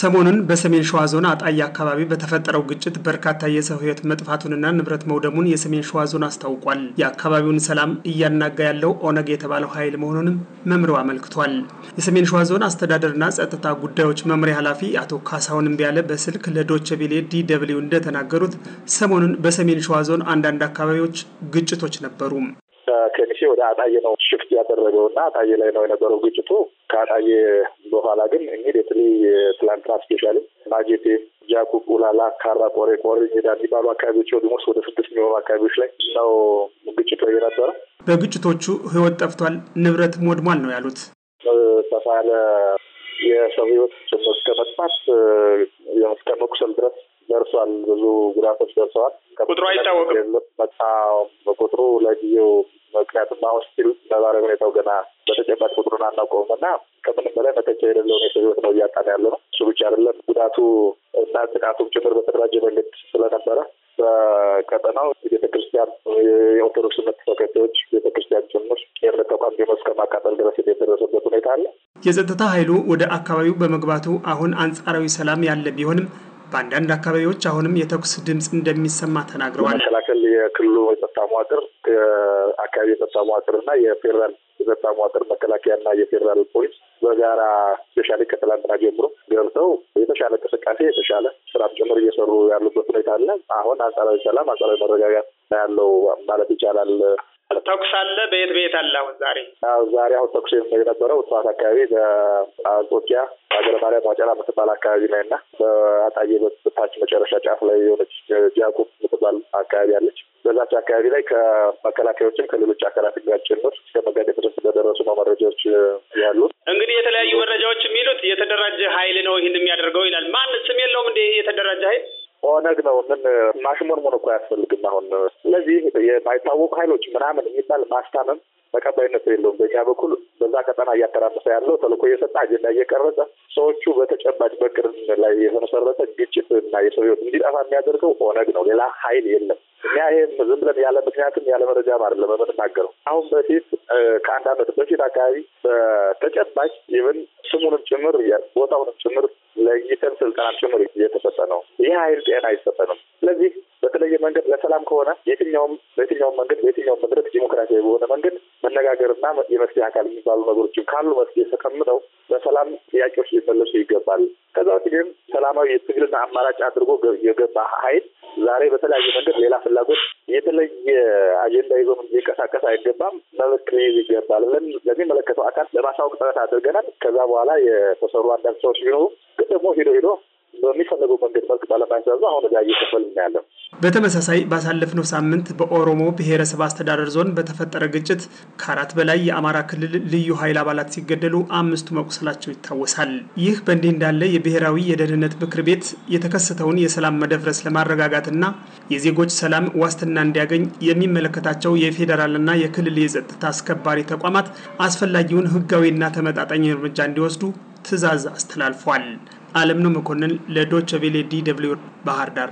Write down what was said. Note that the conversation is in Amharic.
ሰሞኑን በሰሜን ሸዋ ዞን አጣዬ አካባቢ በተፈጠረው ግጭት በርካታ የሰው ህይወት መጥፋቱንና ንብረት መውደሙን የሰሜን ሸዋ ዞን አስታውቋል። የአካባቢውን ሰላም እያናጋ ያለው ኦነግ የተባለው ኃይል መሆኑንም መምሪያው አመልክቷል። የሰሜን ሸዋ ዞን አስተዳደርና ጸጥታ ጉዳዮች መምሪያ ኃላፊ አቶ ካሳሁን እምቢያለ በስልክ ለዶቼ ቬለ ዲ ደብልዩ እንደተናገሩት ሰሞኑን በሰሜን ሸዋ ዞን አንዳንድ አካባቢዎች ግጭቶች ነበሩ። ከሚሴ ወደ አጣዬ ነው ሽፍት ያደረገውና አጣዬ ላይ ነው የነበረው ግጭቱ ከአጣዬ በኋላ ግን እንግዲህ የተለይ ትላንትና ስፔሻልም ማጌቴ፣ ጃኩብ፣ ኡላላ፣ ካራ ቆሬ ቆሬ ሜዳ የሚባሉ አካባቢዎች ወድሞስ ወደ ስድስት የሚሆኑ አካባቢዎች ላይ ነው ግጭቱ የነበረ። በግጭቶቹ ህይወት ጠፍቷል፣ ንብረት ወድሟል ነው ያሉት። ሰፋ ያለ የሰው ህይወት እስከ መጥፋት እስከ መቁሰል ድረስ ደርሷል። ብዙ ጉዳቶች ደርሰዋል። ቁጥሩ አይታወቅም። በቁጥሩ ለጊዜው አሁን ሲሉት ነባረ ሁኔታው ገና በተጨባጭ ቁጥሩን አናውቀውም እና ከምንም በላይ መተቻ የሌለውን የሰው ህይወት ነው እያጣን ያለ ነው። እሱ ብቻ አይደለም ጉዳቱ እና ጥቃቱም ጭምር በተደራጀ መንገድ ስለነበረ በቀጠናው ቤተክርስቲያን፣ የኦርቶዶክስ እምነት ተከታዮች ቤተክርስቲያን ጭምር የእምነት ተቋም ቢሆን እስከ ማቃጠል ድረስ የደረሰበት ሁኔታ አለ። የጸጥታ ኃይሉ ወደ አካባቢው በመግባቱ አሁን አንጻራዊ ሰላም ያለ ቢሆንም በአንዳንድ አካባቢዎች አሁንም የተኩስ ድምፅ እንደሚሰማ ተናግረዋል። መከላከል የክልሉ የጸጥታ መዋቅር አካባቢ የጸጥታ መዋቅር እና የፌዴራል የጸጥታ መዋቅር መከላከያና የፌዴራል ፖሊስ በጋራ ስፔሻሊ ከትላንትና ጀምሮ ገብተው የተሻለ እንቅስቃሴ የተሻለ ስራም ጭምር እየሰሩ ያሉበት ሁኔታ አለ። አሁን አንጻራዊ ሰላም፣ አንጻራዊ መረጋጋት ያለው ማለት ይቻላል። ተኩስ አለ። በየት በየት አለ? አሁን ዛሬ ዛሬ አሁን ተኩስ የነበረው እሷት አካባቢ በአንጾኪያ ሀገረ ማርያም ዋጨላ ምትባል አካባቢ ላይ እና በአጣዬ በታች መጨረሻ ጫፍ ላይ የሆነች ጃቁብ ምትባል አካባቢ አለች። በዛች አካባቢ ላይ ከመከላከያዎችም ከሌሎች አካላት ጋር ጭምር እስከ መጋጨት ድረስ እንደደረሱ ነው መረጃዎች ያሉት። እንግዲህ የተለያዩ መረጃዎች የሚሉት የተደራጀ ኃይል ነው ይህን የሚያደርገው ይላል። ማን ስም የለውም እንደ የተደራጀ ኃይል ኦነግ ነው። ምን ማሽሞንሞን እኮ አያስፈልግም። አሁን ስለዚህ የማይታወቁ ኃይሎች ምናምን የሚባል ማስታመም ተቀባይነት የለውም። በእኛ በኩል በዛ ቀጠና እያተራመሰ ያለው ተልእኮ እየሰጠ አጀንዳ እየቀረጸ ሰዎቹ በተጨባጭ በቅር ላይ የተመሰረተ ግጭት እና የሰው ህይወት እንዲጠፋ የሚያደርገው ኦነግ ነው። ሌላ ኃይል የለም። እኛ ይህም ዝም ብለን ያለ ምክንያትም ያለ መረጃም አይደለም የምንናገረው። አሁን በፊት ከአንድ ዓመት በፊት አካባቢ በተጨባጭ ይብን ስሙንም ጭምር ቦታውንም ጭምር ለይተን ስልጠናቸው መሬት እየተሰጠ ነው። ይህ ኃይል ጤና አይሰጠንም። ስለዚህ በተለየ መንገድ ለሰላም ከሆነ የትኛውም በየትኛውም መንገድ በየትኛውም መድረክ ዲሞክራሲያዊ በሆነ መንገድ መነጋገርና የመፍትሄ አካል የሚባሉ ነገሮችን ካሉ መፍትሄ ተቀምጠው በሰላም ጥያቄዎች ሊመለሱ ይገባል። ከዛ ውጭ ግን ሰላማዊ የትግልና አማራጭ አድርጎ የገባ ኃይል ዛሬ በተለያየ መንገድ ሌላ ፍላጎት የተለየ አጀንዳ ይዞ ሊንቀሳቀስ አይገባም። መልክ ሊይዝ ይገባል ብለን ለሚመለከተው አካል ለማሳወቅ ጥረት አድርገናል። ከዛ በኋላ የተሰሩ አንዳንድ ሰዎች ቢኖሩ ደግሞ ሄዶ ሄዶ በሚፈለጉ መንገድ መልክ ባለማያዛዙ አሁን እዳ እየከፈል እናያለን። በተመሳሳይ ባሳለፍነው ሳምንት በኦሮሞ ብሔረሰብ አስተዳደር ዞን በተፈጠረ ግጭት ከአራት በላይ የአማራ ክልል ልዩ ኃይል አባላት ሲገደሉ አምስቱ መቁሰላቸው ይታወሳል። ይህ በእንዲህ እንዳለ የብሔራዊ የደህንነት ምክር ቤት የተከሰተውን የሰላም መደፍረስ ለማረጋጋትና የዜጎች ሰላም ዋስትና እንዲያገኝ የሚመለከታቸው የፌዴራልና የክልል የጸጥታ አስከባሪ ተቋማት አስፈላጊውን ሕጋዊና ተመጣጣኝ እርምጃ እንዲወስዱ ትዕዛዝ አስተላልፏል። አለምነው መኮንን ለዶቸ ዲ ደብልዩ ባህር ዳር